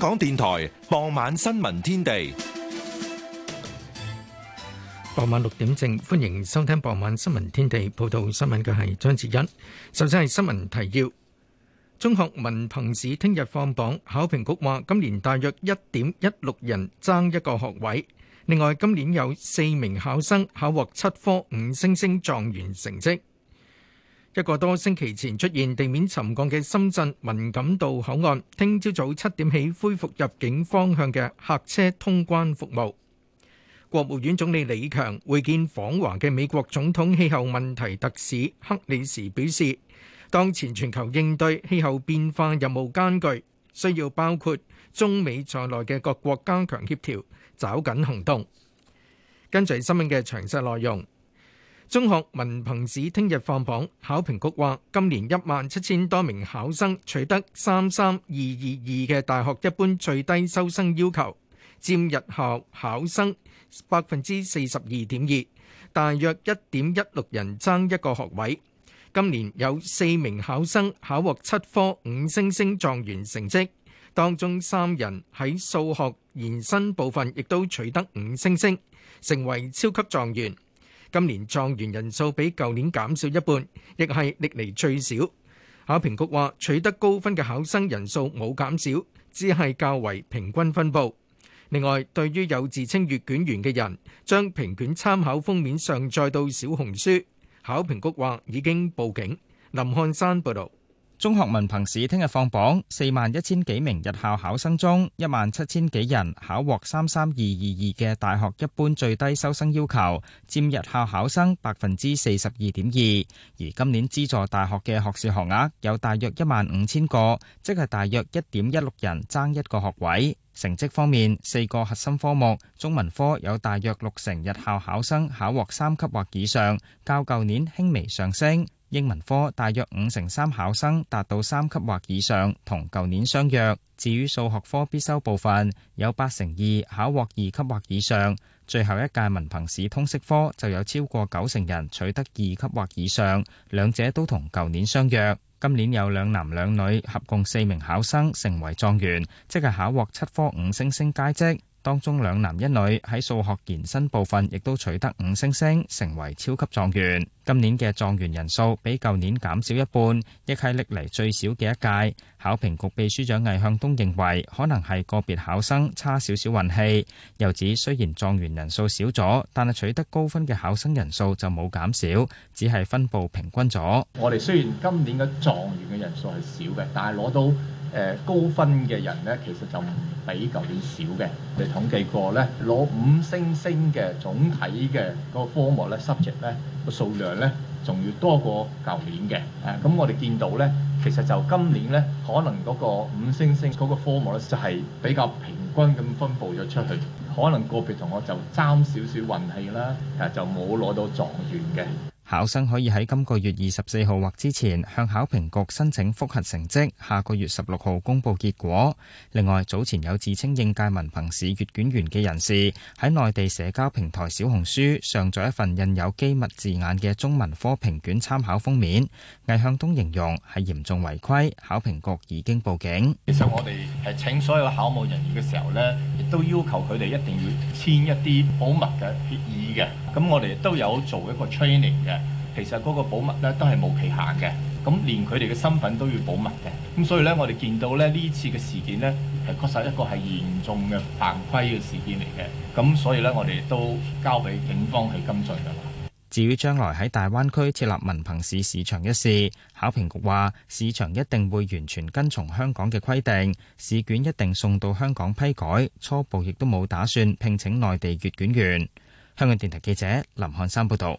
香港電台傍晚新聞天地，傍晚六點正歡迎收聽傍晚新聞天地。報道新聞嘅係張智恩。首先係新聞提要：中學文憑試聽日放榜，考評局話今年大約一點一六人爭一個學位。另外，今年有四名考生考獲七科五星星狀元成績。一個多星期前出現地面沉降嘅深圳文錦渡口岸，聽朝早七點起恢復入境方向嘅客車通關服務。國務院總理李強會見訪華嘅美國總統氣候問題特使克里時表示，當前全球應對氣候變化任務艱巨，需要包括中美在內嘅各國加強協調，抓緊行動。跟住新聞嘅詳細內容。中學文憑試聽日放榜，考評局話今年一萬七千多名考生取得三三二二二嘅大學一般最低收生要求，佔日校考生百分之四十二點二，大約一點一六人爭一個學位。今年有四名考生考獲七科五星星狀元成績，當中三人喺數學延伸部分亦都取得五星星，成為超級狀元。今年狀元人數比舊年減少一半，亦係歷嚟最少。考評局話取得高分嘅考生人數冇減少，只係較為平均分佈。另外，對於有自稱閱卷員嘅人，將評卷參考封面上載到小紅書，考評局話已經報警。林漢山報導。中學文憑試聽日放榜，四萬一千幾名日校考生中，一萬七千幾人考獲三三二二二嘅大學一般最低收生要求，佔日校考生百分之四十二點二。而今年資助大學嘅學士學額有大約一萬五千個，即係大約一點一六人爭一個學位。成績方面，四個核心科目，中文科有大約六成日校考生考獲三級或以上，較舊年輕微上升。英文科大約五成三考生達到三級或以上，同舊年相若。至於數學科必修部分，有八成二考獲二級或以上。最後一屆文憑試通識科就有超過九成人取得二級或以上，兩者都同舊年相若。今年有兩男兩女合共四名考生成為狀元，即係考獲七科五星星佳績，當中兩男一女喺數學延伸部分亦都取得五星星，成為超級狀元。今年嘅狀元人數比舊年減少一半，亦係歷嚟最少嘅一屆。考評局秘書長魏向東認為，可能係個別考生差少少運氣。又指雖然狀元人數少咗，但係取得高分嘅考生人數就冇減少，只係分佈平均咗。我哋雖然今年嘅狀元嘅人數係少嘅，但係攞到誒高分嘅人咧，其實就唔比舊年少嘅。你統計過咧，攞五星星嘅總體嘅嗰個科目咧，subject 咧個數量。咧仲要多過舊年嘅，咁、啊、我哋見到咧，其實就今年咧，可能嗰個五星星嗰個科目咧，就係比較平均咁分佈咗出去，可能個別同學就爭少少運氣啦、啊，就冇攞到狀元嘅。考生可以喺今個月二十四號或之前向考評局申請複核成績，下個月十六號公布結果。另外，早前有自稱應屆文憑試閱卷員嘅人士喺內地社交平台小紅書上載一份印有機密字眼嘅中文科評卷參考封面。魏向東形容係嚴重違規，考評局已經報警。其實，我哋係請所有考務人員嘅時候咧，亦都要求佢哋一定要簽一啲保密嘅協議嘅。咁我哋都有做一個 training 嘅。其實嗰個保密呢都係無期限嘅，咁連佢哋嘅身份都要保密嘅，咁所以呢我哋見到呢呢次嘅事件呢係確實一個係嚴重嘅犯規嘅事件嚟嘅，咁所以呢我哋都交俾警方去跟進嘅。至於將來喺大灣區設立文憑試試場一事，考評局話試場一定會完全跟從香港嘅規定，試卷一定送到香港批改，初步亦都冇打算聘請內地閱卷員。香港電台記者林漢山報道。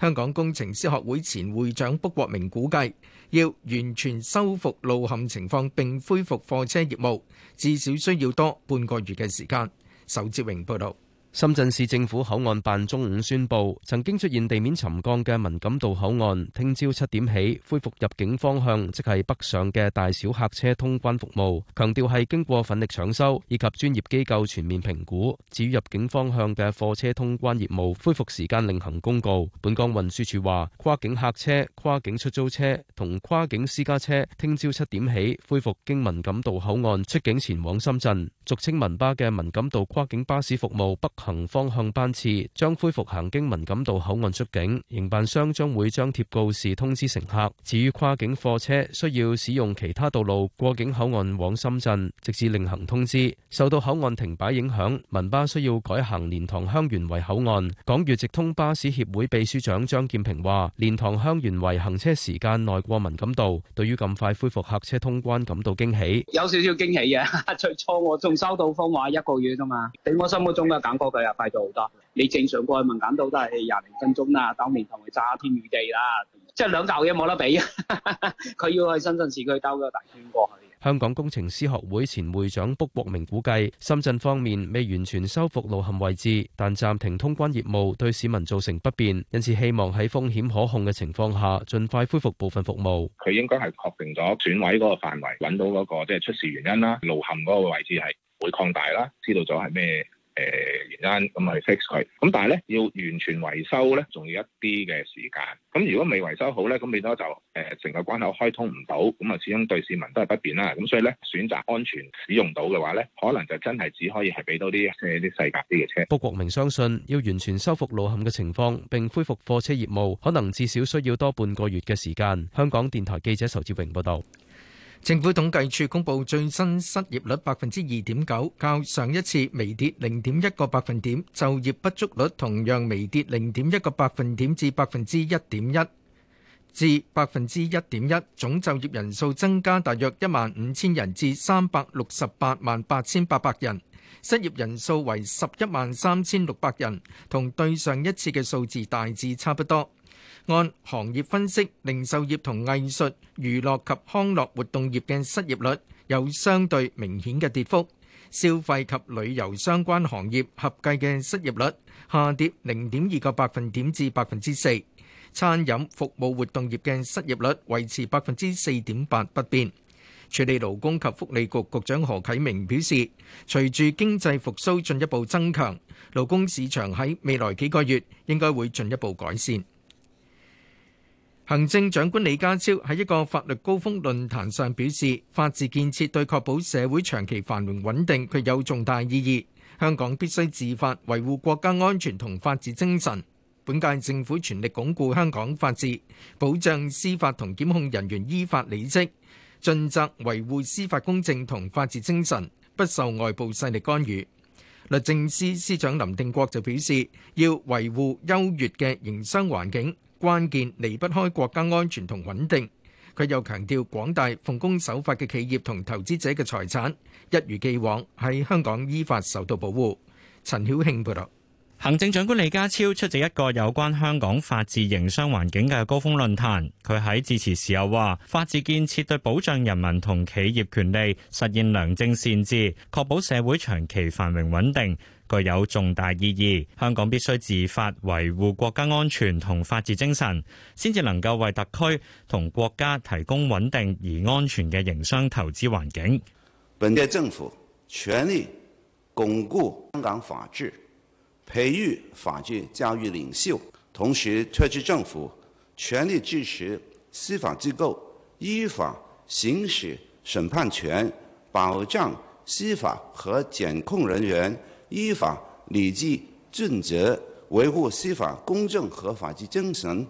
香港工程師學會前會長卜國明估計，要完全修復路陷情況並恢復貨車業務，至少需要多半個月嘅時間。仇志榮報導。深圳市政府口岸辦中午宣布，曾經出現地面沉降嘅文錦渡口岸，聽朝七點起恢復入境方向，即係北上嘅大小客車通關服務。強調係經過奮力搶修以及專業機構全面評估。至於入境方向嘅貨車通關業務，恢復時間另行公告。本港運輸署話，跨境客車、跨境出租車同跨境私家車，聽朝七點起恢復經文錦渡口岸出境前往深圳，俗稱文巴嘅文錦渡跨境巴士服務北行方向班次將恢復行經文錦渡口岸出境，營辦商將會張貼告示通知乘客。至於跨境貨車需要使用其他道路過境口岸往深圳，直至另行通知。受到口岸停擺影響，民巴需要改行蓮塘香園圍口岸。港粵直通巴士協會秘書長張劍平話：蓮塘香園圍行車時間內過文錦渡，對於咁快恢復客車通關感到驚喜。有少少驚喜嘅，啊，最初我仲收到風話一個月啫嘛，俾我心目中嘅感覺。佢又快咗好多。你正常過去文錦渡都係廿零分鐘啦。當年同佢差天共地啦，即係兩嚿嘢冇得比。佢要去深圳市區兜個大圈過去。香港工程師學會前會長卜國明估計，深圳方面未完全修復路陷位置，但暫停通關業務對市民造成不便，因此希望喺風險可控嘅情況下，盡快恢復部分服務。佢應該係確定咗損毀嗰個範圍，揾到嗰個即係出事原因啦。路陷嗰個位置係會擴大啦，知道咗係咩。誒，原因咁嚟 fix 佢，咁但係咧要完全維修咧，仲要一啲嘅時間。咁如果未維修好咧，咁你都就誒成個關口開通唔到，咁啊始終對市民都係不便啦。咁所以咧，選擇安全使用到嘅話咧，可能就真係只可以係俾多啲車啲細格啲嘅車。傅國明相信，要完全修復路陷嘅情況並恢復貨車業務，可能至少需要多半個月嘅時間。香港電台記者仇志榮報導。政府統計處公布最新失業率百分之二點九，較上一次微跌零點一個百分點；就業不足率同樣微跌零點一個百分點至百分之一點一至百分之一點一。總就業人數增加大約一萬五千人至三百六十八萬八千八百人，失業人數為十一萬三千六百人，同對上一次嘅數字大致差不多。按行業分析，零售業同藝術、娛樂及康樂活動業嘅失業率有相對明顯嘅跌幅。消費及旅遊相關行業合計嘅失業率下跌零點二個百分點至百分之四。餐飲服務活動業嘅失業率維持百分之四點八不變。處理勞工及福利局局長何啟明表示，隨住經濟復甦進一步增強，勞工市場喺未來幾個月應該會進一步改善。行政長官李家超喺一個法律高峰論壇上表示，法治建設對確保社會長期繁榮穩定具有重大意義。香港必須自發，維護國家安全同法治精神。本屆政府全力鞏固香港法治，保障司法同檢控人員依法履職，盡責維護司法公正同法治精神，不受外部勢力干預。律政司司長林定國就表示，要維護優越嘅營商環境。關鍵離不開國家安全同穩定。佢又強調，廣大奉公守法嘅企業同投資者嘅財產，一如既往喺香港依法受到保護。陳曉慶報道。行政長官李家超出席一個有關香港法治營商環境嘅高峰論壇。佢喺致辭時候話：法治建設對保障人民同企業權利、實現良政善治、確保社會長期繁榮穩定具有重大意義。香港必須自發維護國家安全同法治精神，先至能夠為特區同國家提供穩定而安全嘅營商投資環境。本地政府全力鞏固香港法治。培育法治教育領袖，同時特區政府全力支持司法機構依法行使審判權，保障司法和檢控人員依法履職盡責，維護司法公正和法治精神，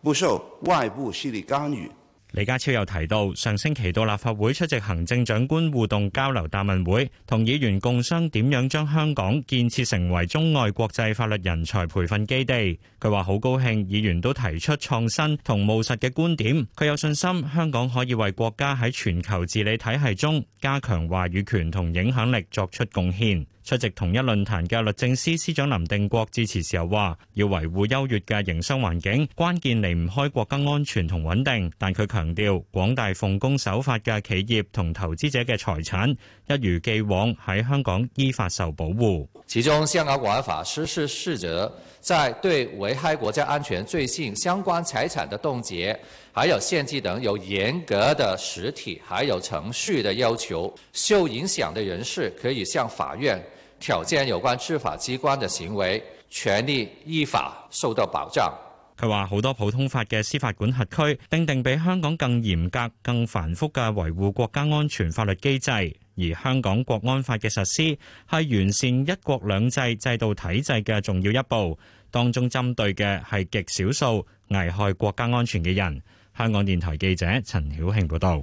不受外部勢力干預。李家超又提到，上星期到立法會出席行政長官互動交流答問會，同議員共商點樣將香港建設成為中外國際法律人才培訓基地。佢話好高興，議員都提出創新同務實嘅觀點。佢有信心，香港可以為國家喺全球治理體系中加強話語權同影響力作出貢獻。出席同一論壇嘅律政司司長林定國致辭時候話，要維護優越嘅營商環境，關鍵離唔開國家安全同穩定。但佢強調，廣大奉公守法嘅企業同投資者嘅財產，一如既往喺香港依法受保護。其中香港國安法實施細則在對危害國家安全罪行相關財產的凍結，還有限制等，有嚴格的實體還有程序的要求。受影響的人士可以向法院挑戰有關執法機關嘅行為，權利依法受到保障。佢話：好多普通法嘅司法管轄區，定定比香港更嚴格、更繁複嘅維護國家安全法律機制。而香港國安法嘅實施，係完善一國兩制制度體制嘅重要一步。當中針對嘅係極少數危害國家安全嘅人。香港電台記者陳曉慶報道。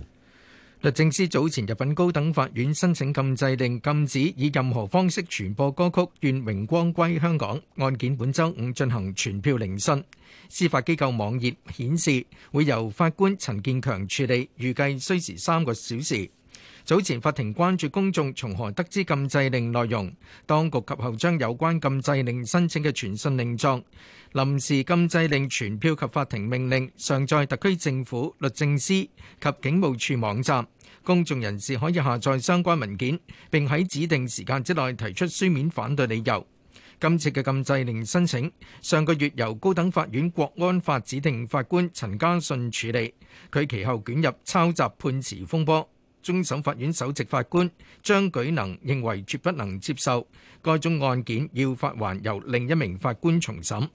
律政司早前入禀高等法院申請禁制令，禁止以任何方式傳播歌曲《願榮光歸香港》案件，本周五進行傳票聆訊。司法機構網頁顯示，會由法官陳建強處理，預計需時三個小時。早前法庭關注公眾從何得知禁制令內容，當局及後將有關禁制令申請嘅傳訊令狀、臨時禁制令傳票及法庭命令，上載特區政府、律政司及警務處網站，公眾人士可以下載相關文件，並喺指定時間之內提出書面反對理由。今次嘅禁制令申請，上個月由高等法院國安法指定法官陳嘉信處理，佢其後捲入抄襲判詞風波。終審法院首席法官張舉能認為絕不能接受該宗案件，要發還由另一名法官重審。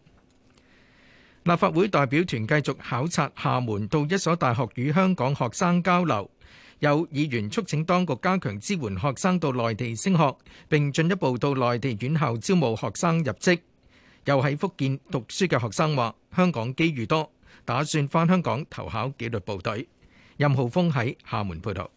立法會代表團繼續考察廈門到一所大學與香港學生交流，有議員促請當局加強支援學生到內地升學，並進一步到內地院校招募學生入職。又喺福建讀書嘅學生話：香港機遇多，打算返香港投考紀律部隊。任浩峰喺廈門報道。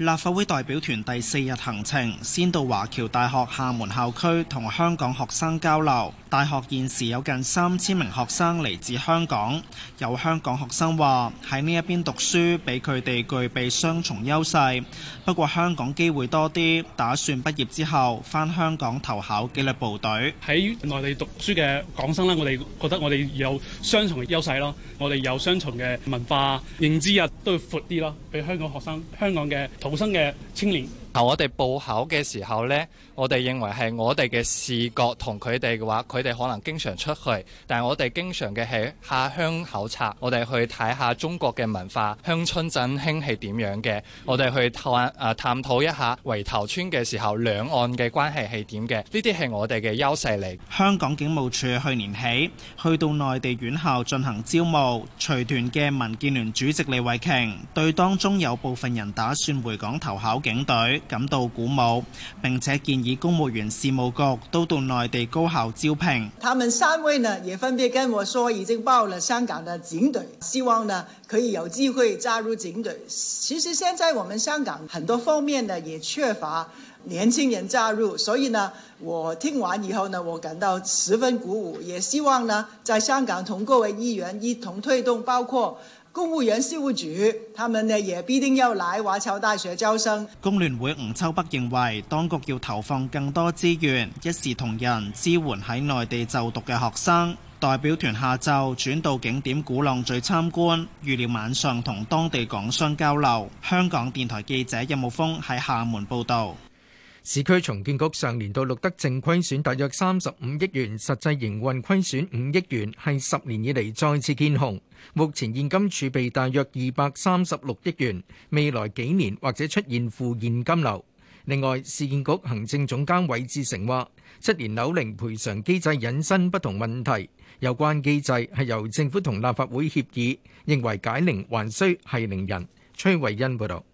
立法會代表團第四日行程，先到華僑大學廈門校區同香港學生交流。大學現時有近三千名學生嚟自香港，有香港學生話喺呢一邊讀書俾佢哋具備雙重優勢。不過香港機會多啲，打算畢業之後翻香港投考紀律部隊。喺內地讀書嘅港生咧，我哋覺得我哋有雙重嘅優勢咯，我哋有雙重嘅文化認知啊，都要闊啲咯，俾香港學生香港嘅。無聲的青年。我哋報考嘅時候呢，我哋認為係我哋嘅視覺同佢哋嘅話，佢哋可能經常出去，但係我哋經常嘅係下鄉考察，我哋去睇下中國嘅文化，鄉村振興係點樣嘅，我哋去探啊探討一下圍頭村嘅時候兩岸嘅關係係點嘅，呢啲係我哋嘅優勢嚟。香港警務處去年起去到內地院校進行招募，隨團嘅民建聯主席李慧瓊對當中有部分人打算回港投考警隊。感到鼓舞，並且建議公務員事務局都到內地高校招聘。他們三位呢，也分別跟我說，已經報了香港的警隊，希望呢可以有機會加入警隊。其實現在我們香港很多方面呢，也缺乏年輕人加入，所以呢我聽完以後呢，我感到十分鼓舞，也希望呢在香港同各位議員一同推動，包括。公務員事務局，他們呢也必定要來華僑大學招生。工聯會吳秋北認為，當局要投放更多資源，一視同仁支援喺內地就讀嘅學生。代表團下晝轉到景點鼓浪嶼參觀，預料晚上同當地港商交流。香港電台記者任慕峰喺廈門報導。市區重建局上年度錄得淨虧損大約三十五億元，實際營運虧損五億元，係十年以嚟再次見紅。目前現金儲備大約二百三十六億元，未來幾年或者出現負現金流。另外，市建局行政總監韋志成話：七年樓齡賠償機制引申不同問題，有關機制係由政府同立法會協議，認為解鈴還需係鈴人。崔慧欣報道。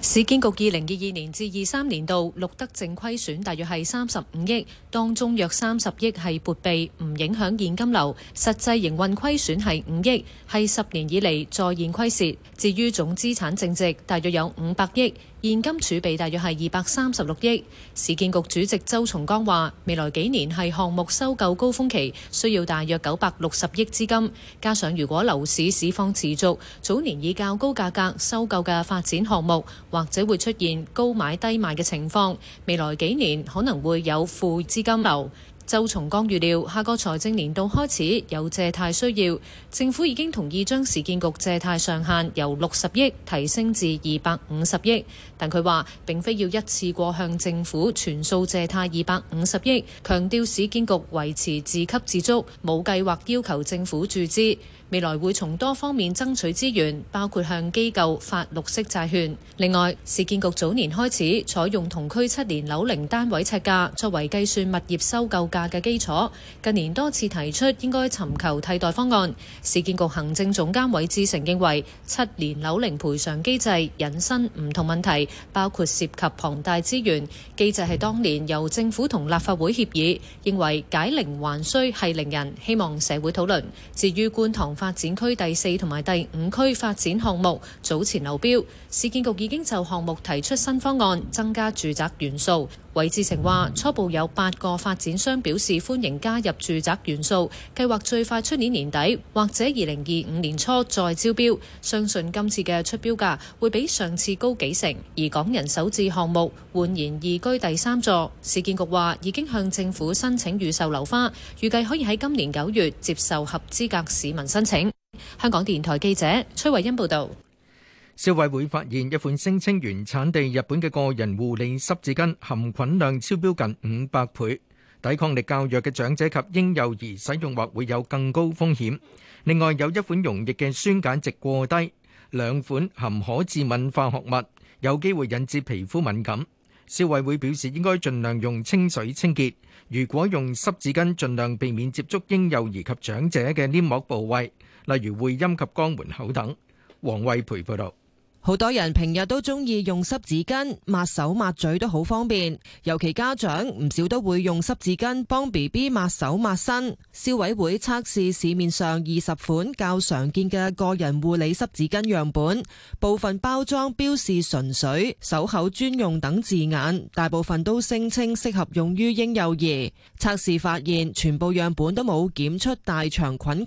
市建局二零二二年至二三年度錄得淨虧損大約係三十五億，當中約三十億係撥備，唔影響現金流。實際營運虧損係五億，係十年以嚟再現虧蝕。至於總資產淨值大約有五百億。現金儲備大約係二百三十六億。市建局主席周松崗話：未來幾年係項目收購高峰期，需要大約九百六十億資金。加上如果樓市市況持續，早年以較高價格收購嘅發展項目，或者會出現高買低賣嘅情況。未來幾年可能會有負資金流。周松崗預料，下個財政年度開始有借貸需要，政府已經同意將市建局借貸上限由六十億提升至二百五十億，但佢話並非要一次過向政府全數借貸二百五十億，強調市建局維持自給自足，冇計劃要求政府注資。未來會從多方面爭取資源，包括向機構發綠色債券。另外，市建局早年開始採用同區七年樓齡單位尺價作為計算物業收購價嘅基礎，近年多次提出應該尋求替代方案。市建局行政總監韋志成認為，七年樓齡賠償機制引申唔同問題，包括涉及龐大資源。機制係當年由政府同立法會協議，認為解鈴還須繫鈴人，希望社會討論。至於觀塘發展區第四同埋第五區發展項目早前流標。市建局已經就項目提出新方案，增加住宅元素。韋志成話初步有八個發展商表示歡迎加入住宅元素，計劃最快出年年底或者二零二五年初再招標，相信今次嘅出標價會比上次高幾成。而港人首置項目「煥然懿居」第三座，市建局話已經向政府申請預售樓花，預計可以喺今年九月接受合資格市民申請，香港電台記者崔慧欣報道。消委會發現一款聲稱原產地日本嘅個人護理濕紙巾含菌量超標近五百倍，抵抗力較弱嘅長者及嬰幼兒使用或會有更高風險。另外有一款溶液嘅酸鹼值過低，兩款含可致敏化學物，有機會引致皮膚敏感。消委會表示應該盡量用清水清潔，如果用濕紙巾，盡量避免接觸嬰幼兒及長者嘅黏膜部位，例如會陰及肛門口等。黃惠培報道。好多人平日都中意用濕紙巾抹手抹嘴都好方便，尤其，家長唔少都會用濕紙巾幫 BB 抹手抹身。消委會測試市面上二十款較常見嘅個人護理濕紙巾樣本，部分包裝標示純水、手口專用等字眼，大部分都聲稱適合用於嬰幼兒。測試發現，全部樣本都冇檢出大腸菌群、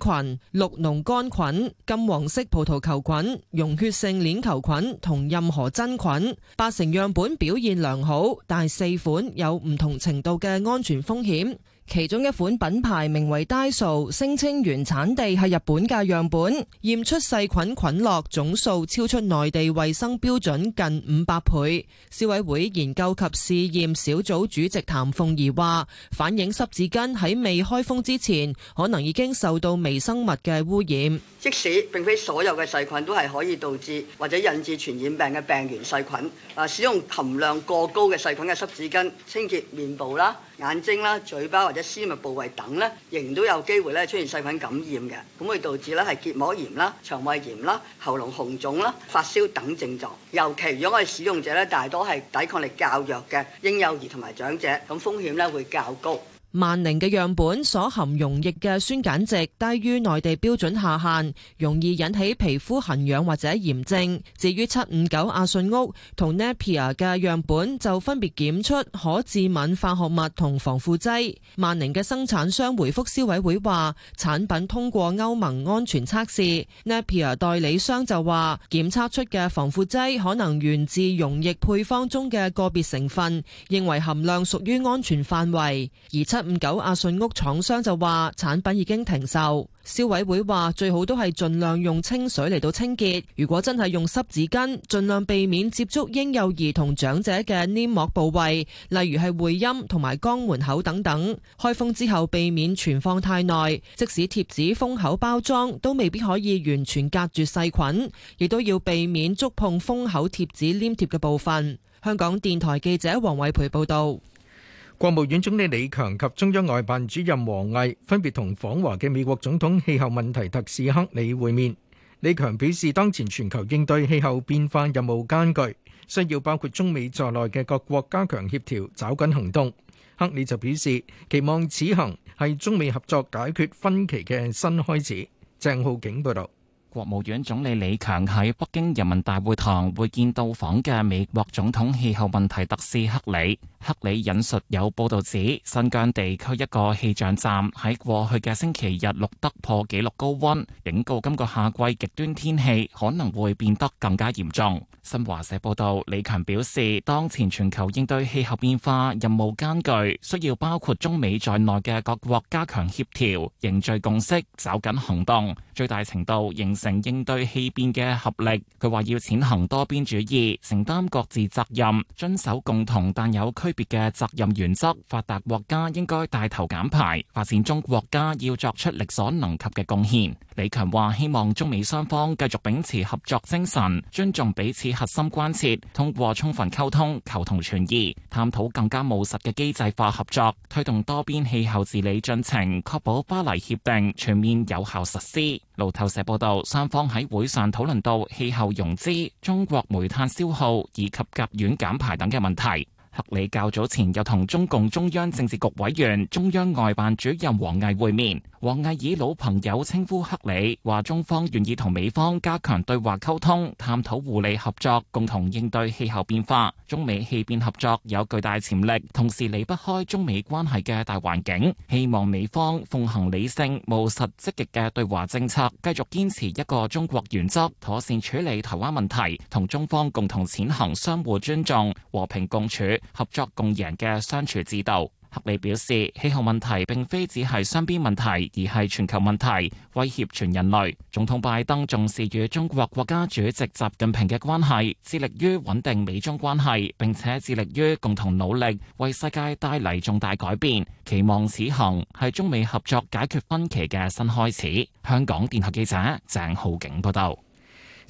綠膿桿菌、金黃色葡萄球菌、溶血性鏈球菌。菌同任何真菌，八成樣本表現良好，但係四款有唔同程度嘅安全風險。其中一款品牌名為 Daiso，聲稱原產地係日本嘅樣本，驗出細菌菌落總數超出內地衛生標準近五百倍。消委會研究及試驗小組主席譚鳳儀話，反映濕紙巾喺未開封之前，可能已經受到微生物嘅污染。即使並非所有嘅細菌都係可以導致或者引致傳染病嘅病原細菌，啊，使用含量過高嘅細菌嘅濕紙巾清潔面部啦。眼睛啦、嘴巴或者私密部位等呢，仍然都有機會出現細菌感染嘅，咁會導致呢係結膜炎啦、腸胃炎啦、喉嚨紅腫啦、發燒等症狀。尤其如果係使用者呢，大多係抵抗力較弱嘅嬰幼兒同埋長者，咁風險呢會較高。萬寧嘅樣本所含溶液嘅酸鹼值低於內地標準下限，容易引起皮膚痕癢或者炎症。至於七五九阿信屋同 Napier 嘅樣本就分別檢出可致敏化學物同防腐劑。萬寧嘅生產商回覆消委會話，產品通過歐盟安全測試。Napier 代理商就話，檢測出嘅防腐劑可能源自溶液配方中嘅個別成分，認為含量屬於安全範圍。而七一五九阿信屋廠商就話產品已經停售。消委會話最好都係盡量用清水嚟到清潔，如果真係用濕紙巾，盡量避免接觸嬰幼兒同長者嘅黏膜部位，例如係會陰同埋肛門口等等。開封之後避免存放太耐，即使貼紙封口包裝都未必可以完全隔住細菌，亦都要避免觸碰封口貼紙黏貼嘅部分。香港電台記者黃偉培報道。國務院總理李強及中央外辦主任王毅分別同訪華嘅美國總統氣候問題特使克里會面。李強表示，當前全球應對氣候變化任務艱巨，需要包括中美在內嘅各國加強協調，抓緊行動。克里就表示，期望此行係中美合作解決分歧嘅新開始。鄭浩景報道。國務院總理李強喺北京人民大會堂會見到訪嘅美國總統氣候問題特使克里。克里引述有報道指，新疆地區一個氣象站喺過去嘅星期日錄得破紀錄高温，警告今個夏季極端天氣可能會變得更加嚴重。新華社報道，李強表示，當前全球應對氣候變化任務艱巨，需要包括中美在內嘅各國加強協調、凝聚共識、走緊行動，最大程度形成應對氣變嘅合力。佢話要踐行多邊主義，承擔各自責任，遵守共同但有區別嘅責任原則。發達國家應該帶頭減排，發展中國家要作出力所能及嘅貢獻。李強話，希望中美雙方繼續秉持合作精神，尊重彼此核心關切，通過充分溝通、求同存異，探討更加務實嘅機制化合作，推動多邊氣候治理進程，確保《巴黎協定》全面有效實施。路透社報道，雙方喺會上討論到氣候融資、中國煤炭消耗以及甲烷減排等嘅問題。克里較早前又同中共中央政治局委員、中央外辦主任王毅會面。王毅以老朋友稱呼克里，話中方願意同美方加強對話溝通，探討互利合作，共同應對氣候變化。中美氣變合作有巨大潛力，同時離不開中美關係嘅大環境。希望美方奉行理性務實、積極嘅對華政策，繼續堅持一個中國原則，妥善處理台灣問題，同中方共同踐行相互尊重、和平共處、合作共贏嘅相處之道。克里表示，氣候問題並非只係雙邊問題，而係全球問題，威脅全人類。總統拜登重視與中國國家主席習近平嘅關係，致力於穩定美中關係，並且致力於共同努力，為世界帶嚟重大改變。期望此行係中美合作解決分歧嘅新開始。香港電台記者鄭浩景報道。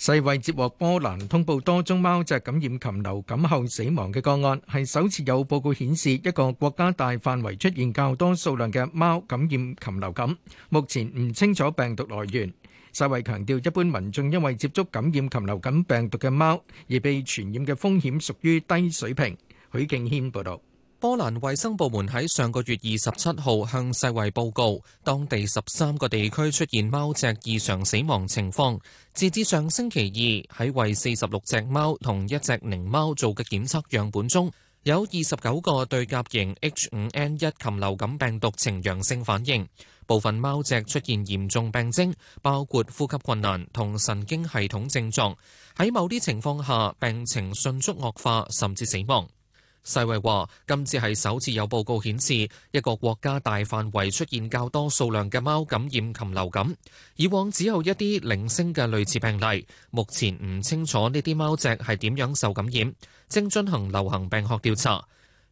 世衛接獲波蘭通報多宗貓隻感染禽流感後死亡嘅個案，係首次有報告顯示一個國家大範圍出現較多數量嘅貓感染禽流感。目前唔清楚病毒來源。世衛強調，一般民眾因為接觸感染禽流感病毒嘅貓而被傳染嘅風險屬於低水平。許敬軒報道。波蘭衛生部門喺上個月二十七號向世衛報告，當地十三個地區出現貓隻異常死亡情況。截至上星期二，喺為四十六隻貓同一隻獰貓做嘅檢測樣本中，有二十九個對甲型 H 五 N 一禽流感病毒呈陽性反應。部分貓隻出現嚴重病徵，包括呼吸困難同神經系統症狀，喺某啲情況下，病情迅速惡化，甚至死亡。世衛話，今次係首次有報告顯示一個國家大範圍出現較多數量嘅貓感染禽流感。以往只有一啲零星嘅類似病例。目前唔清楚呢啲貓隻係點樣受感染，正進行流行病學調查。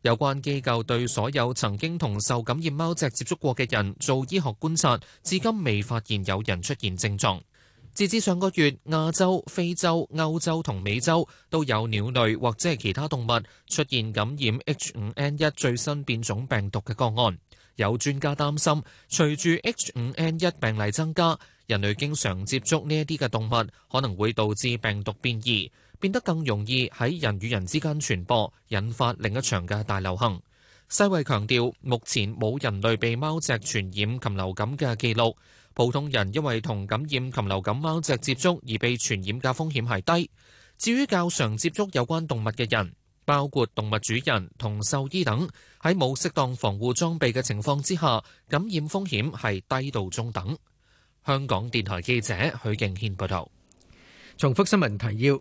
有關機構對所有曾經同受感染貓隻接觸過嘅人做醫學觀察，至今未發現有人出現症狀。截至上個月，亞洲、非洲、歐洲同美洲都有鳥類或者係其他動物出現感染 H5N1 最新變種病毒嘅個案。有專家擔心，隨住 H5N1 病例增加，人類經常接觸呢一啲嘅動物，可能會導致病毒變異，變得更容易喺人與人之間傳播，引發另一場嘅大流行。世衞強調，目前冇人類被貓隻傳染禽流感嘅記錄。普通人因為同感染禽流感貓隻接觸而被傳染嘅風險係低。至於較常接觸有關動物嘅人，包括動物主人同獸醫等，喺冇適當防護裝備嘅情況之下，感染風險係低到中等。香港電台記者許敬軒報道。重複新聞提要。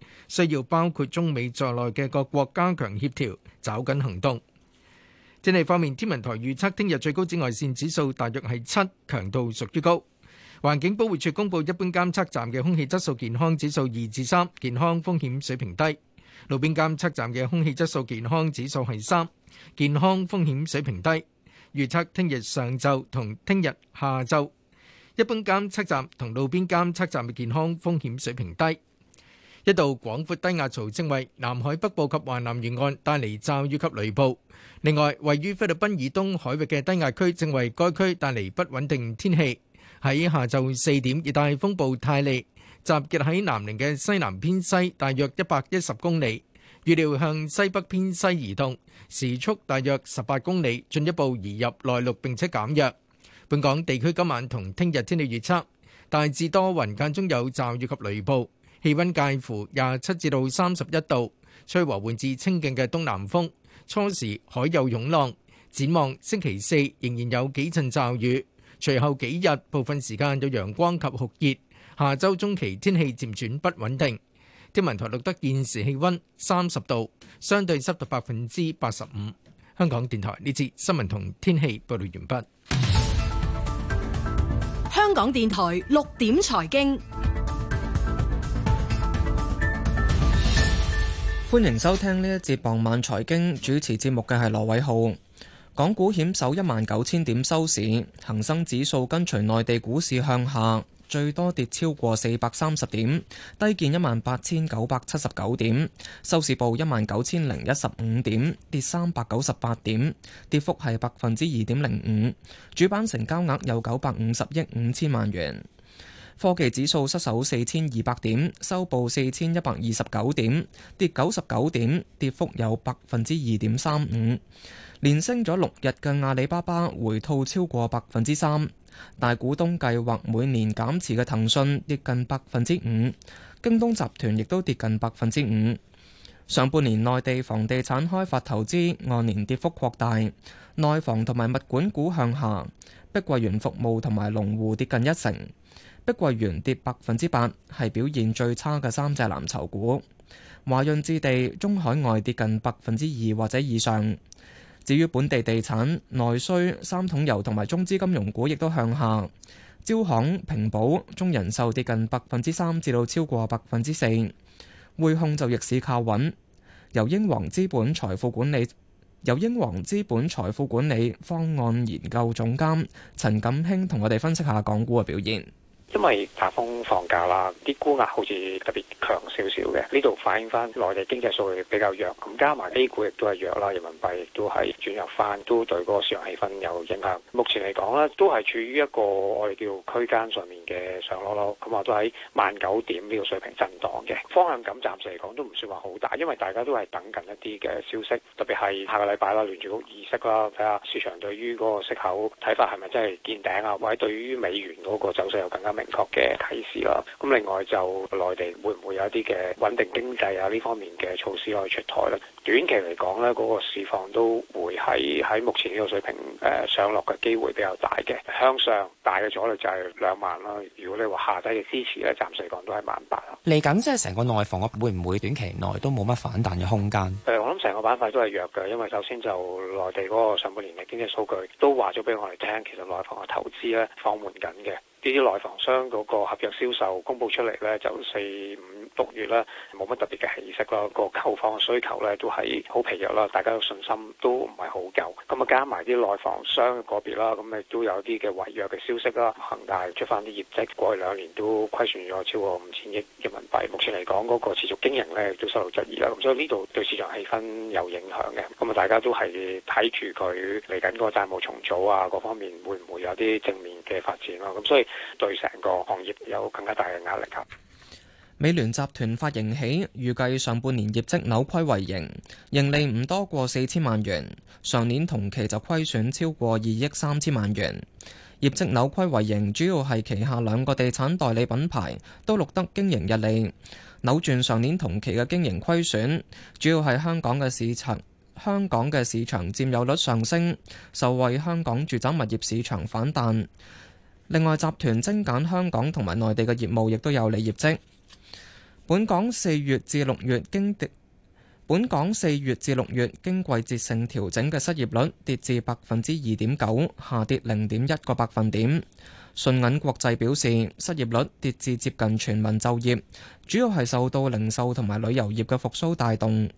需要包括中美在內嘅各國加強協調，抓緊行動。天氣方面，天文台預測聽日最高紫外線指數大約係七，強度屬於高。環境保護署公佈一般監測站嘅空氣質素健康指數二至三，健康風險水平低；路邊監測站嘅空氣質素健康指數係三，健康風險水平低。預測聽日上晝同聽日下晝，一般監測站同路邊監測站嘅健康風險水平低。一道廣闊低壓槽正為南海北部及華南沿岸帶嚟驟雨及雷暴。另外，位於菲律賓以東海域嘅低壓區正為該區帶嚟不穩定天氣。喺下晝四點，熱帶風暴泰利集結喺南寧嘅西南偏西，大約一百一十公里，預料向西北偏西移動，時速大約十八公里，進一步移入內陸並且減弱。本港地區今晚同聽日天氣預測大致多雲，間中有驟雨及雷暴。氣温介乎廿七至到三十一度，吹和緩至清勁嘅東南風，初時海有湧浪。展望星期四仍然有幾陣驟雨，隨後幾日部分時間有陽光及酷熱。下周中期天氣漸轉不穩定。天文台錄得現時氣温三十度，相對濕度百分之八十五。香港電台呢次新聞同天氣報道完畢。香港電台六點財經。歡迎收聽呢一節傍晚財經，主持節目嘅係羅偉浩。港股險守一萬九千點收市，恒生指數跟隨內地股市向下，最多跌超過四百三十點，低見一萬八千九百七十九點，收市報一萬九千零一十五點，跌三百九十八點，跌幅係百分之二點零五，主板成交額有九百五十億五千萬元。科技指數失守四千二百點，收報四千一百二十九點，跌九十九點，跌幅有百分之二點三五。連升咗六日嘅阿里巴巴回吐超過百分之三，大股東計劃每年減持嘅騰訊跌近百分之五，京東集團亦都跌近百分之五。上半年內地房地產開發投資按年跌幅擴大，內房同埋物管股向下，碧桂園服務同埋龍湖跌近一成。碧桂園跌百分之八，係表現最差嘅三隻藍籌股。華潤置地、中海外跌近百分之二或者以上。至於本地地產內需三桶油同埋中資金融股，亦都向下。招行、平保、中人壽跌近百分之三，至到超過百分之四。匯控就逆市靠穩。由英皇資本財富管理由英皇資本財富管理方案研究總監陳錦興同我哋分析下港股嘅表現。因為颱風放假啦，啲沽壓好似特別強少少嘅，呢度反映翻內地經濟數據比較弱，咁加埋 A 股亦都係弱啦，人民幣亦都係轉入翻，都對嗰個市場氣氛有影響。目前嚟講咧，都係處於一個我哋叫區間上面嘅上落咯，咁啊都喺萬九點呢個水平震盪嘅方向感，暫時嚟講都唔算話好大，因為大家都係等緊一啲嘅消息，特別係下個禮拜啦，聯儲局議息啦，睇下市場對於嗰個息口睇法係咪真係見頂啊，或者對於美元嗰個走勢又更加明確嘅提示啦。咁另外就內地會唔會有一啲嘅穩定經濟啊呢方面嘅措施可以出台咧？短期嚟講呢嗰個市況都會喺喺目前呢個水平誒、呃、上落嘅機會比較大嘅。向上大嘅阻力就係兩萬啦。如果你話下低嘅支持咧，暫時嚟講都係萬八啦。嚟緊即係成個內房，會唔會短期內都冇乜反彈嘅空間？誒、呃，我諗成個板塊都係弱嘅，因為首先就內地嗰個上半年嘅經濟數據都話咗俾我哋聽，其實內房嘅投資咧放緩緊嘅。呢啲內房商嗰個合約銷售公佈出嚟呢，就四五六月啦，冇乜特別嘅氣息啦。嗰個購房嘅需求呢都係好疲弱啦，大家嘅信心都唔係好夠。咁啊加埋啲內房商個別啦，咁啊都有啲嘅違約嘅消息啦。恒大出翻啲業績，過去兩年都虧損咗超過五千億人民幣。目前嚟講，嗰個持續經營呢都受到質疑啦。咁所以呢度對市場氣氛有影響嘅。咁啊，大家都係睇住佢嚟緊個債務重組啊，各方面會唔會有啲正面嘅發展咯？咁所以，對成個行業有更加大嘅壓力啊。美聯集團發盈喜，預計上半年業績扭虧為盈，盈利唔多過四千萬元，上年同期就虧損超過二億三千萬元。業績扭虧為盈，主要係旗下兩個地產代理品牌都錄得經營溢利，扭轉上年同期嘅經營虧損。主要係香港嘅市場，香港嘅市場佔有率上升，受惠香港住宅物業市場反彈。另外，集團精簡香港同埋內地嘅業務，亦都有利業績。本港四月至六月經跌，本港四月至六月經季節性調整嘅失業率跌至百分之二點九，下跌零點一個百分點。信銀國際表示，失業率跌至接近全民就業，主要係受到零售同埋旅遊業嘅復甦帶動。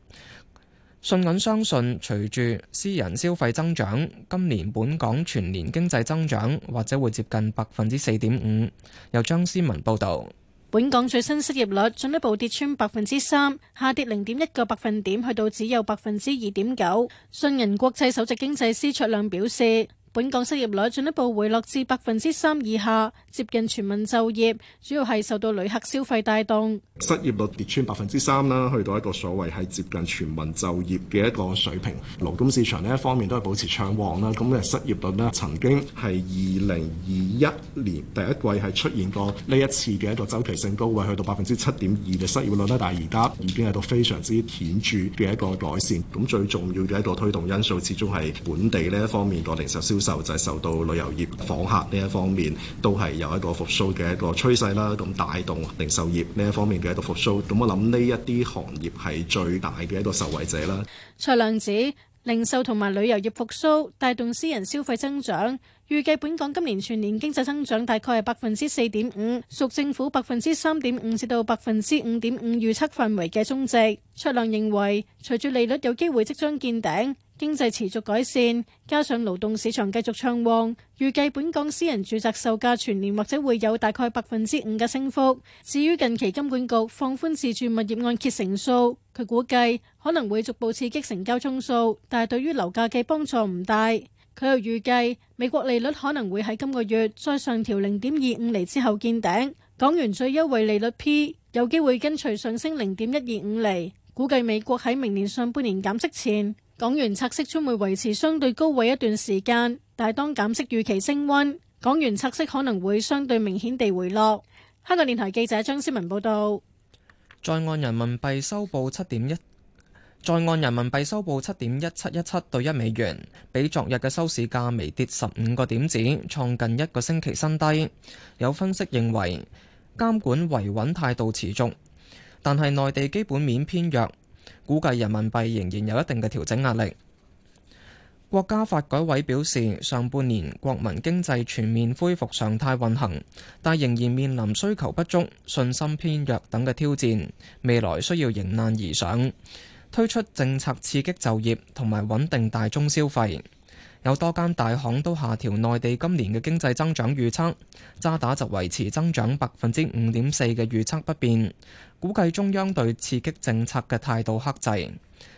信銀相信，隨住私人消費增長，今年本港全年經濟增長或者會接近百分之四點五。由張思文報導，本港最新失業率進一步跌穿百分之三，下跌零點一個百分點，去到只有百分之二點九。信銀國際首席經濟師卓亮表示。本港失業率進一步回落至百分之三以下，接近全民就業，主要係受到旅客消費帶動。失業率跌穿百分之三啦，去到一個所謂係接近全民就業嘅一個水平。勞工市場呢一方面都係保持暢旺啦。咁嘅失業率呢曾經係二零二一年第一季係出現過呢一次嘅一個周期性高位，去到百分之七點二嘅失業率啦。但係而家已經係到非常之顯著嘅一個改善。咁最重要嘅一個推動因素，始終係本地呢一方面個零售消。受制受到旅遊業訪客呢一方面都係有一個復甦嘅一個趨勢啦，咁帶動零售業呢一方面嘅一個復甦，咁我諗呢一啲行業係最大嘅一個受惠者啦。卓亮指零售同埋旅遊業復甦帶動私人消費增長，預計本港今年全年經濟增長大概係百分之四點五，屬政府百分之三點五至到百分之五點五預測範圍嘅中值。卓亮認為，隨住利率有機會即將見頂，經濟持續改善，加上勞動市場繼續暢旺，預計本港私人住宅售價全年或者會有大概百分之五嘅升幅。至於近期金管局放寬自住物業按揭成數，佢估計可能會逐步刺激成交宗數，但係對於樓價嘅幫助唔大。佢又預計美國利率可能會喺今個月再上調零點二五厘之後見頂，港元最優惠利率 P 有機會跟隨上升零點一二五厘。估計美國喺明年上半年減息前，港元拆息將會維持相對高位一段時間，但係當減息預期升溫，港元拆息可能會相對明顯地回落。香港電台記者張思文報道在報。在岸人民幣收報七點一，在岸人民幣收報七點一七一七對一美元，比昨日嘅收市價微跌十五個點子，創近一個星期新低。有分析認為，監管、維穩態度持續，但係內地基本面偏弱。估計人民幣仍然有一定嘅調整壓力。國家發改委表示，上半年國民經濟全面恢復常態運行，但仍然面臨需求不足、信心偏弱等嘅挑戰，未來需要迎難而上，推出政策刺激就業同埋穩定大宗消費。有多間大行都下調內地今年嘅經濟增長預測，渣打就維持增長百分之五點四嘅預測不變。估計中央對刺激政策嘅態度克制。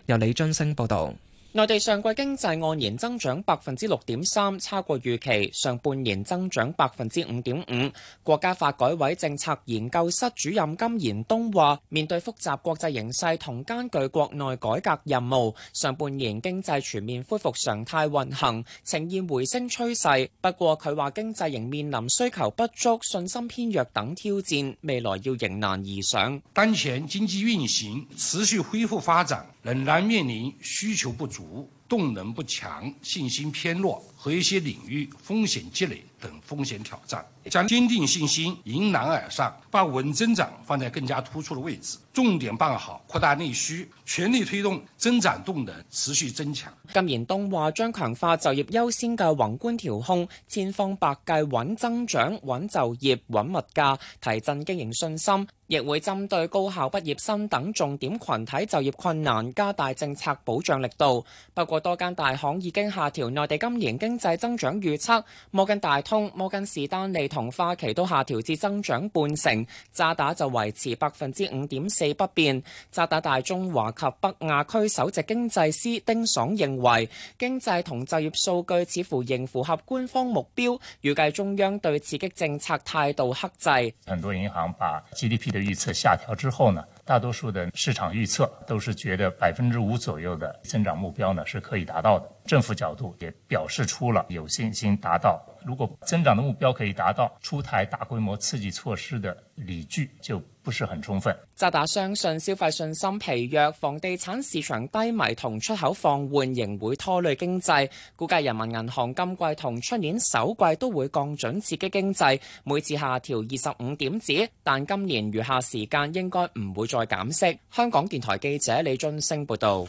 由李津升報導。內地上季經濟按年增長百分之六點三，差過預期。上半年增長百分之五點五。國家發改委政策研究室主任金賢東話：面對複雜國際形勢同艱巨國內改革任務，上半年經濟全面恢復常態運行，呈現回升趨勢。不過佢話經濟仍面臨需求不足、信心偏弱等挑戰，未來要迎難而上。當前經濟運行持續恢復發展。仍然面臨需求不足、動能不強、信心偏弱和一些領域風險積累等風險挑戰，將堅定信心迎難而上，把穩增長放在更加突出的位置，重點辦好擴大內需，全力推動增長動能持續增強。靳年東話：將強化就業優先嘅宏觀調控，千方百計穩增長、穩就業、穩物價，提振經營信心。亦會針對高校畢業生等重點群體就業困難，加大政策保障力度。不過。多間大行已經下調內地今年經濟增長預測，摩根大通、摩根士丹利同花旗都下調至增長半成，渣打就維持百分之五點四不變。渣打大中華及北亞區首席經濟師丁爽認為，經濟同就業數據似乎仍符合官方目標，預計中央對刺激政策態度克制。很多銀行把 GDP 的預測下調之後呢，大多數的市場預測都是覺得百分之五左右的增長目標呢，是可以達到的。政府角度也表示出了有信心達到，如果增長的目標可以達到，出台大規模刺激措施的理據就不是很充分。渣打相信消費信心疲弱、房地產市場低迷同出口放緩仍會拖累經濟，估計人民銀行今季同出年首季都會降準刺激經濟，每次下調二十五點子，但今年餘下時間應該唔會再減息。香港電台記者李俊升報道。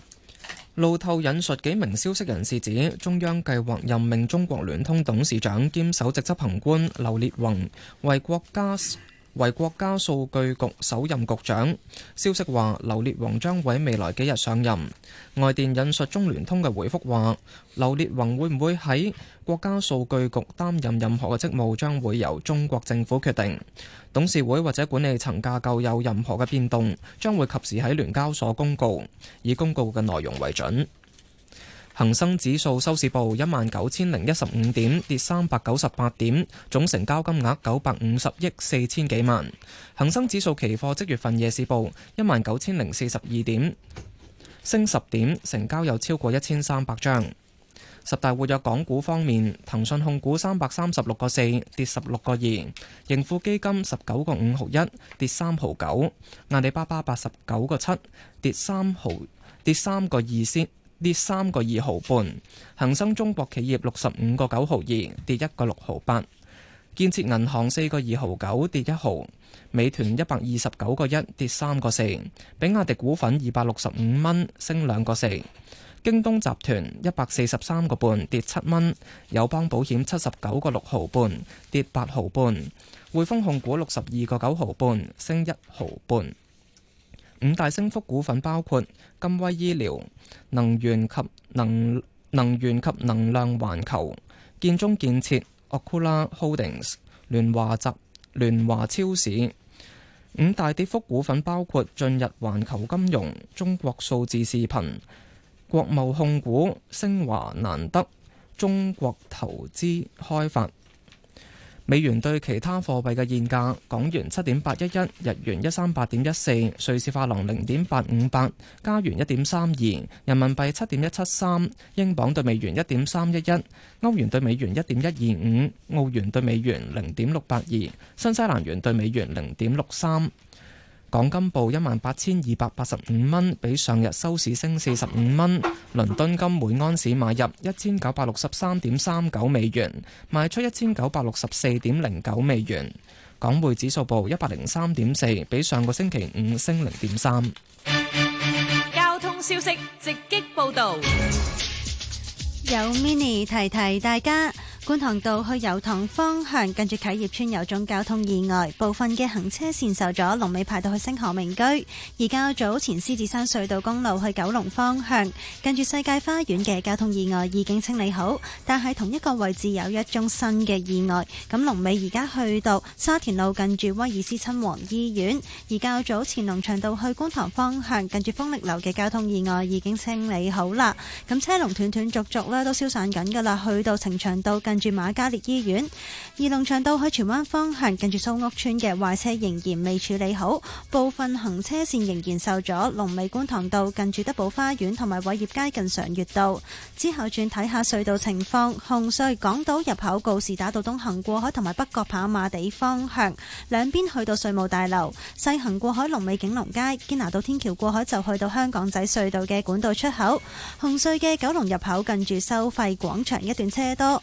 路透引述幾名消息人士指，中央計劃任命中國聯通董事長兼首席執行官劉烈宏為國家。為國家數據局首任局長。消息話，劉烈宏將會未來幾日上任。外電引述中聯通嘅回覆話，劉烈宏會唔會喺國家數據局擔任任何嘅職務，將會由中國政府決定。董事會或者管理層架構有任何嘅變動，將會及時喺聯交所公告，以公告嘅內容為準。恒生指數收市報一萬九千零一十五點，跌三百九十八點，總成交金額九百五十億四千幾萬。恒生指數期貨即月份夜市報一萬九千零四十二點，升十點，成交有超過一千三百張。十大活躍港股方面，騰訊控股三百三十六個四，跌十六個二；盈富基金十九個五毫一，跌三毫九；阿里巴巴八十九個七，跌三毫跌三個二先。跌三個二毫半，恒生中國企業六十五個九毫二，跌一個六毫八。建設銀行四個二毫九，跌一毫。美團一百二十九個一，跌三個四。比亞迪股份二百六十五蚊，升兩個四。京東集團一百四十三個半，跌七蚊。友邦保險七十九個六毫半，跌八毫半。匯豐控股六十二個九毫半，升一毫半。五大升幅股份包括金威醫療、能源及能能源及能量環球、建中建設、奧庫拉 Holdings、聯華集聯華超市。五大跌幅股份包括進入環球金融、中國數字視頻、國貿控股、升華難得、中國投資開發。美元對其他貨幣嘅現價：港元七點八一一，日元一三八點一四，瑞士法郎零點八五八，加元一點三二，人民幣七點一七三，英鎊對美元一點三一一，歐元對美元一點一二五，澳元對美元零點六八二，新西蘭元對美元零點六三。港金報一萬八千二百八十五蚊，比上日收市升四十五蚊。倫敦金每安士買入一千九百六十三點三九美元，賣出一千九百六十四點零九美元。港匯指數報一百零三點四，比上個星期五升零點三。交通消息直擊報道，有 mini 提提大家。觀塘道去油塘方向，近住啟業村有宗交通意外，部分嘅行車線受阻，龍尾排到去星河名居。而較早前獅子山隧道公路去九龍方向，近住世界花園嘅交通意外已經清理好，但係同一個位置有一宗新嘅意外。咁龍尾而家去到沙田路，近住威爾斯親王醫院。而較早前龍翔道去觀塘方向，近住豐力樓嘅交通意外已經清理好啦。咁車龍斷斷續續咧，都消散緊噶啦，去到呈祥道近住瑪嘉烈醫院，而龍翔道去荃灣方向，近住蘇屋村嘅壞車仍然未處理好，部分行車線仍然受阻，龍尾觀塘道近住德寶花園同埋偉業街近常月道。之後轉睇下隧道情況，紅隧港島入口告士打道東行過海同埋北角跑馬地方向，兩邊去到稅務大樓。西行過海龍尾景隆街，堅拿道天橋過海就去到香港仔隧道嘅管道出口。紅隧嘅九龍入口近住收費廣場一段車多。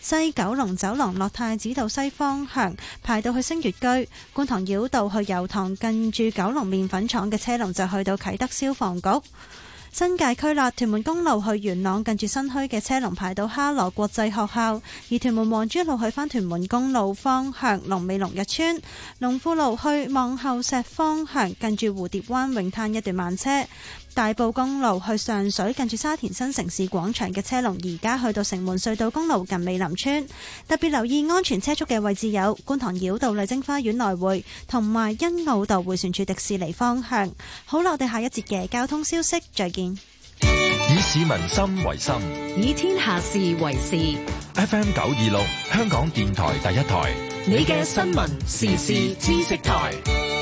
西九龍走廊落太子道西方向排到去星月居，觀塘繞道去油塘近住九龍麵粉廠嘅車龍就去到啟德消防局。新界區啦，屯門公路去元朗近住新墟嘅車龍排到哈羅國際學校，而屯門望珠路去返屯門公路方向龍尾龍日村，龍富路去望后石方向近住蝴蝶灣泳灘一段慢車。大埔公路去上水，近住沙田新城市廣場嘅車龍，而家去到城門隧道公路近美林村。特別留意安全車速嘅位置有觀塘繞道麗晶花園來回，同埋欣澳道回旋處迪士尼方向。好啦，我哋下一節嘅交通消息再見。以市民心為心，以天下事為事。FM 九二六，香港電台第一台，你嘅新聞時事知識台。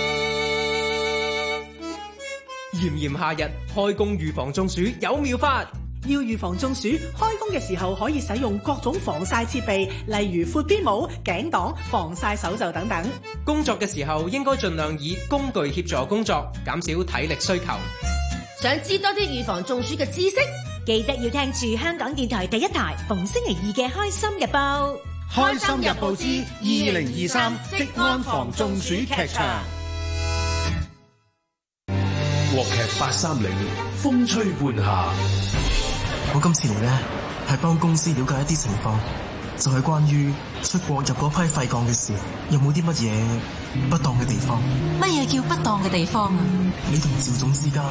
炎炎夏日開工預防中暑有妙法。要預防中暑，開工嘅時候可以使用各種防曬設備，例如闊邊帽、頸擋、防曬手袖等等。工作嘅時候應該盡量以工具協助工作，減少體力需求。想知多啲預防中暑嘅知識，記得要聽住香港電台第一台逢星期二嘅《開心日報》。開心日報之二零二三職安防中暑劇場。國劇八三零，風吹半夏。我今次嚟咧，係幫公司了解一啲情況，就係關於出國入嗰批廢鋼嘅事，有冇啲乜嘢不當嘅地方？乜嘢叫不當嘅地方啊？你同趙總之間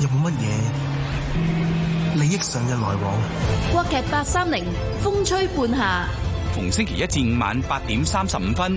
有冇乜嘢利益上嘅來往？國劇八三零，風吹半夏。逢星期一至五晚八點三十五分。